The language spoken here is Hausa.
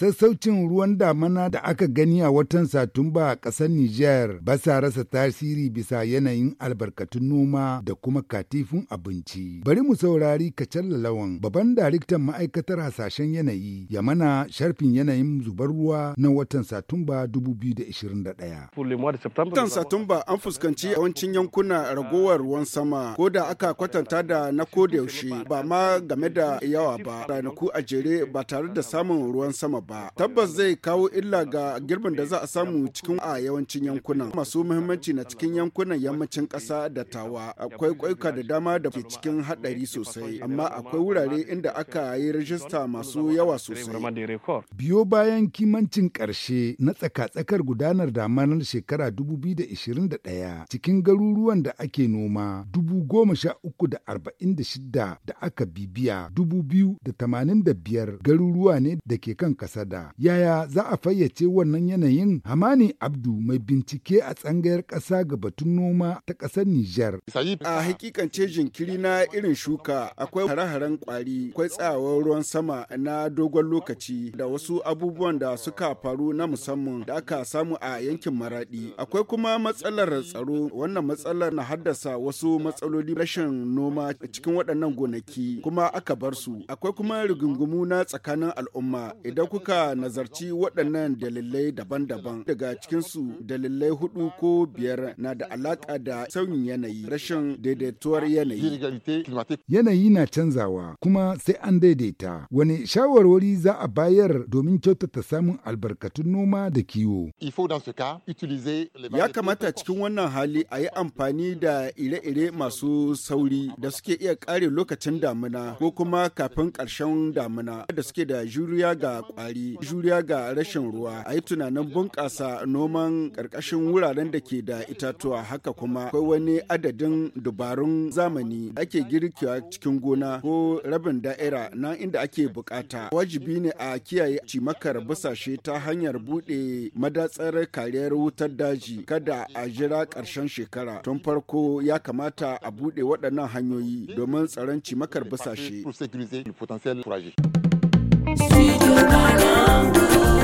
Sassaucin ruwan damana da aka gani a watan Satumba a ƙasar Nijar ba sa rasa tasiri bisa yanayin albarkatun noma da kuma katifin abinci. Bari mu saurari kacal lalawan babban daliktan ma'aikatar hasashen yanayi ya mana sharfin yanayin zubar ruwa na watan Satumba 2021. Watan Satumba an fuskanci yawancin yankuna ragowar ruwan sama ko da aka kwatanta da na kodayaushe ba ma game da yawa ba ranaku a jere ba tare da samun ruwan sama ba. ba tabbas zai kawo illa ga girbin da za a samu cikin a yawancin yankunan masu muhimmanci na cikin yankunan yammacin ƙasa da tawa akwai kwaikwa da dama da ke cikin haɗari sosai amma akwai wurare inda aka yi rajista masu yawa sosai biyo bayan kimancin ƙarshe na tsaka-tsakar gudanar damanar shekara 2021 cikin garuruwan da ake noma uku da aka bibiya 2,085 garuruwa ne da ke kan ƙasa sada Yaya za a fayyace wannan yanayin? Hamani Abdu mai bincike a tsangayar ƙasa ga batun noma ta ƙasar Nijar. A hakikance jinkiri na irin shuka akwai hare-haren kwari, akwai tsayawar ruwan sama na dogon lokaci da wasu abubuwan da suka faru na musamman da aka samu a yankin Maradi. Akwai kuma matsalar tsaro, wannan matsalar na haddasa wasu matsaloli rashin noma cikin waɗannan gonaki kuma aka bar su. Akwai kuma rigungumu na tsakanin al'umma idan kuka muka nazarci waɗannan dalilai daban-daban daga cikinsu dalilai hudu ko biyar na da alaƙa da sauyin yanayi rashin daidaituwar yanayi. Yanayi na canzawa kuma sai an daidaita wani shawarwari za a bayar domin kyautata samun albarkatun noma da kiwo. Ya kamata cikin wannan hali a yi amfani da ire-ire masu sauri da suke iya kare lokacin damina ko kuma kafin ƙarshen damina da suke da juriya ga ƙwari. muhalli juriya ga rashin ruwa a yi tunanin bunƙasa noman ƙarƙashin wuraren da ke da itatuwa haka kuma akwai wani adadin dubarun zamani ake girkiwa cikin gona ko rabin da'ira na inda ake bukata wajibi ne a kiyaye cimakar busashe ta hanyar buɗe madatsar kariyar wutar daji kada a jira ƙarshen shekara tun farko ya kamata a buɗe waɗannan hanyoyi domin tsaron cimakar busashe. Studio Malambo.